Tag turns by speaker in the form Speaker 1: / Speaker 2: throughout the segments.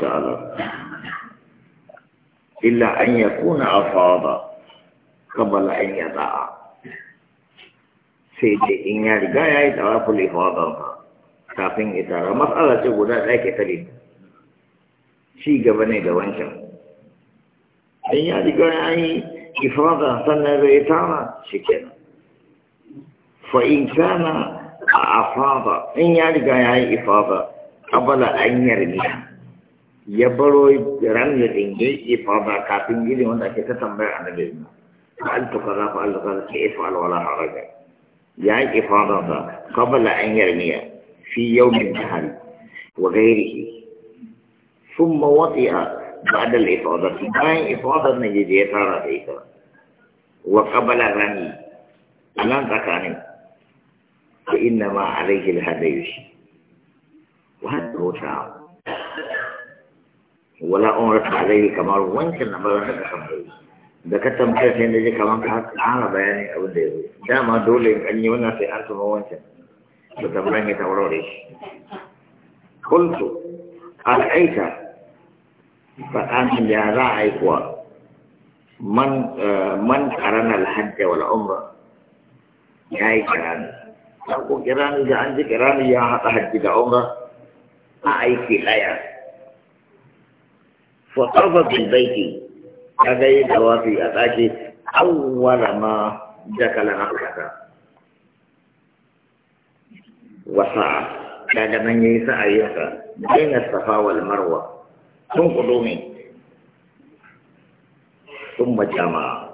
Speaker 1: ta'ala illa an yakuna afada qabla an yadaa sai dai in ya riga ya yi tawaful ifada ba kafin ita ra mas'ala ce guda ɗaya ke tare ci gaba ne da wancan in ya riga ya yi ifada sannan rai ta na shi kenan in a afada in ya riga ya yi ifada qabla an yarmiya ya baro ran ya dinge ifada kafin gini wanda ake ta tambaya annabi ne fa'altu kaza fa'altu kaza ke ifal wala haraja ya yi ifada da qabla an yarmiya fi yawmin nahari wa ghairihi بعد الإفاضة باين إفاضة نجدية تارا فيك وقبل الرمي ألان تكاني فإنما عليه الهديش وهذا هو شعب ولا أمرت عليه كما وانت نبرا تكمل da ka tambayar sai da je kamar ka ƙara bayani abin da ya zo dama dole in an yi wannan sai an tuma wancan da tambayan ya taurare shi kultu al'aita faɗanin ya za a yi kuwa man karan alhajja wal umra ya yi kirani ko kirani da an ji kirani ya haɗa hajji da umra a aiki ɗaya فطاف بالبيت هذا دوافي أتاكي أول ما دخل مكة وسعى هذا من يسعى يسعى بين الصفا والمروة ثم قدومي ثم جمع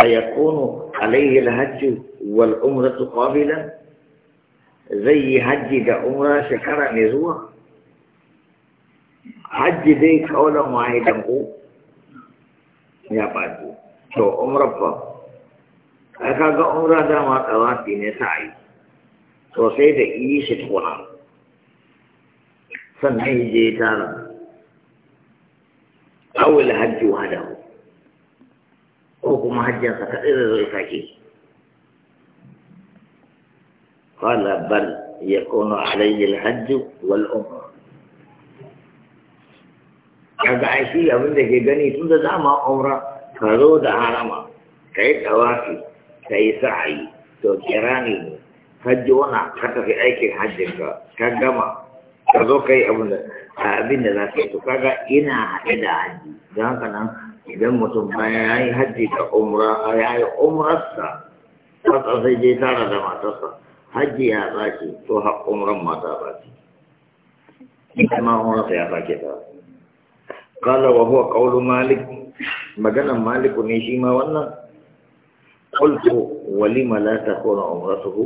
Speaker 1: أيكون عليه الحج والعمرة قابلة زي حج ده عمرة شكرا نزوه hajji dai kaulan wahidan ku ya faɗi to umra fa ai kaga umra dama tsawafi ne sa'i to sai da yi shi tukuna sannan ya je tara awul hajji wahadahu ko kuma hajjinsa kaɗai da zai sake قال بل يكون عليه الحج والعمره kaga ai shi abin da ke gani tun da dama umra ka zo da harama ka yi tawafi ka yi sa'ayi to kira ne hajji wana ka tafi aikin hajjin ka ka gama ka zo ka yi abin da abin da za ka yi to kaga ina haɗe da hajji don haka nan idan mutum bayan ya yi hajji ka umra ya yi umrarsa kwatsa sai je tara da matarsa hajji ya tsaki to umran mata tsaki Ina ma umrarsa ya tsaki ta قال وهو قول مالك مجانا مالك نشيما وانا قلت ولم لا تكون عمرته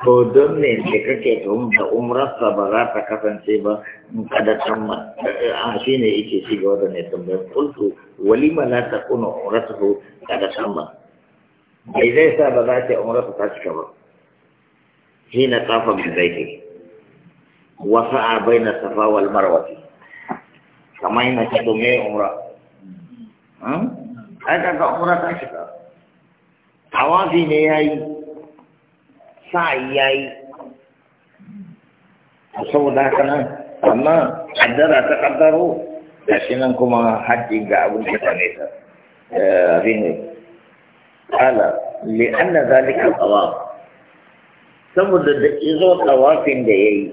Speaker 1: to don ne da kake da umrarsa ba za ta kasance ba kada can a eh, ah, shi ne yake shi ga da ne tambayar kultu walima la ta kuna umrarsa ko kada can ba bai zai sa ba za ta umrarsa ta cika ba shi na tsafa mai zai ke wasa a bai na safa wal marwati kamar yana ce domin umra ai kaga umra ta shiga tawafi ne ya yi sa ya yi saboda haka nan amma kaddara ta kaddaro da shi nan kuma hajji ga abin da ta nesa abin ne ala li'anna zalika tawaf saboda da izo tawafin da yayi eh.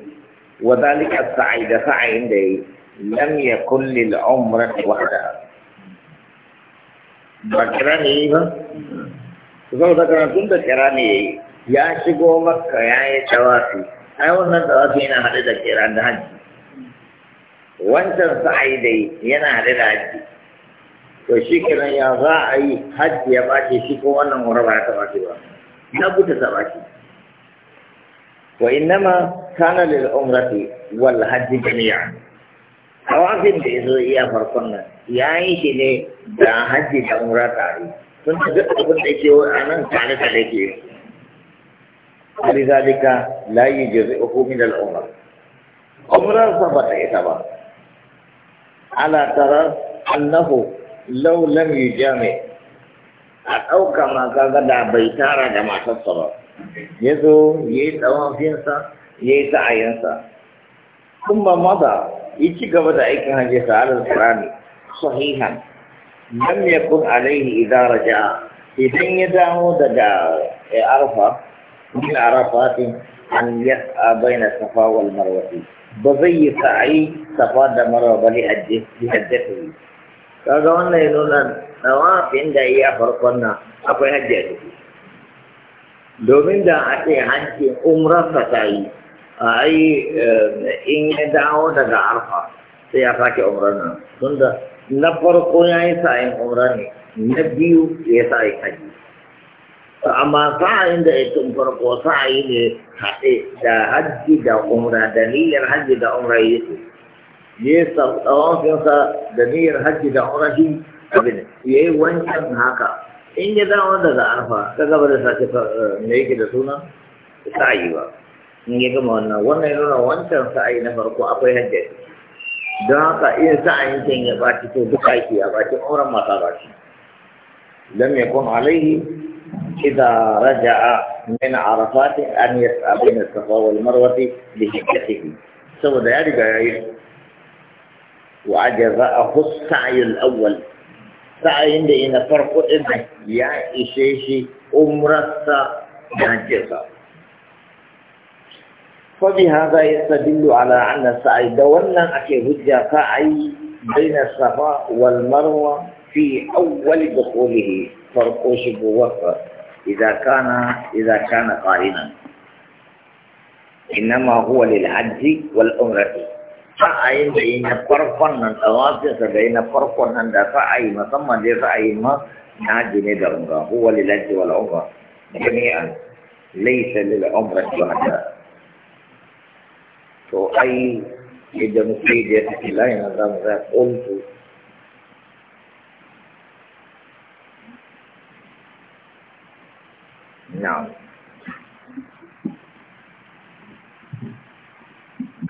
Speaker 1: wa zalika sa'i da sa'in da yayi eh. لم يكن للعمرة وحدها إيوه. بكراني ايه يا شقو مكة يا اي توافي اي وانا توافينا هذا الكيران الحج سعيدي ينا هذا الحج وشكرا يا غاعي حج يا باشي شكو وانا مربع تواكي لا بد تواكي وانما كان للعمرة والحج جميعا wafin da ya zo iya farkon nan ya yi shi ne da hajji da umra tare sun ta duk abin da ke a nan tare tare ke Ali zalika la yujzi min da umr umra sa ba ta ita ba ala tarar annahu lau lam Jami. a ɗauka maka gada bai tara da matarsa ba ya zo ya yi tsawon finsa ya yi sa'ayinsa kuma maza yi ci gaba da aikin hajji ta alal qur'ani sahihan lam yakun Alayhi idza raja'a idan ya dawo daga eh, arfa min arafatin an yas'a baina safa wal marwa ba zai yi sa'i safa da marwa ba li hajjatihi kaga wannan ya nuna tawafin da iya farkon nan akwai hajji a ciki domin da a ce hajji umrarsa ta yi ai eh, in ya dawo daga arfa sai ya sake umrar nan tunda na farko ya yi sa'in umra ne na biyu ya yi sa'in haji amma sa'in da ya farko sa'ayi ne haɗe da haji da umra da niyyar hajji da umra yi su ya yi tsawafinsa da niyyar haji da umra shi abin ya yi wancan haka in ya dawo daga arfa ka gaba da sake eh, me yake da suna sa'ayi ba in ya gama wannan wannan ya nuna wancan sa'ayi na farko akwai hajjar don haka in sa'ayin can ya baci to duka yake ya baci auren mata baci lam yakun alaihi idza raja'a min arafat an yas'a bain as-safa wal marwa bi hajjatihi saboda ya riga yayi wa ajza'ahu as-sa'y al-awwal sa'ayin da ina farko din ya ishe shi umrarsa da hajjarsa فبهذا يستدل على أن السعي دولا أكي هجا سعي بين الصفاء والمروة في أول دخوله فرق شبوة إذا كان إذا كان قارنا إنما هو للحج والعمرة سعي بين فرقنا الأواصل بين فرقنا سعي مسمى لسعي ما ناجي ندرنا هو للحج والعمرة جميعا ليس للعمرة وحدها to ai idan sai da ya tafi layin za mu ƙuntu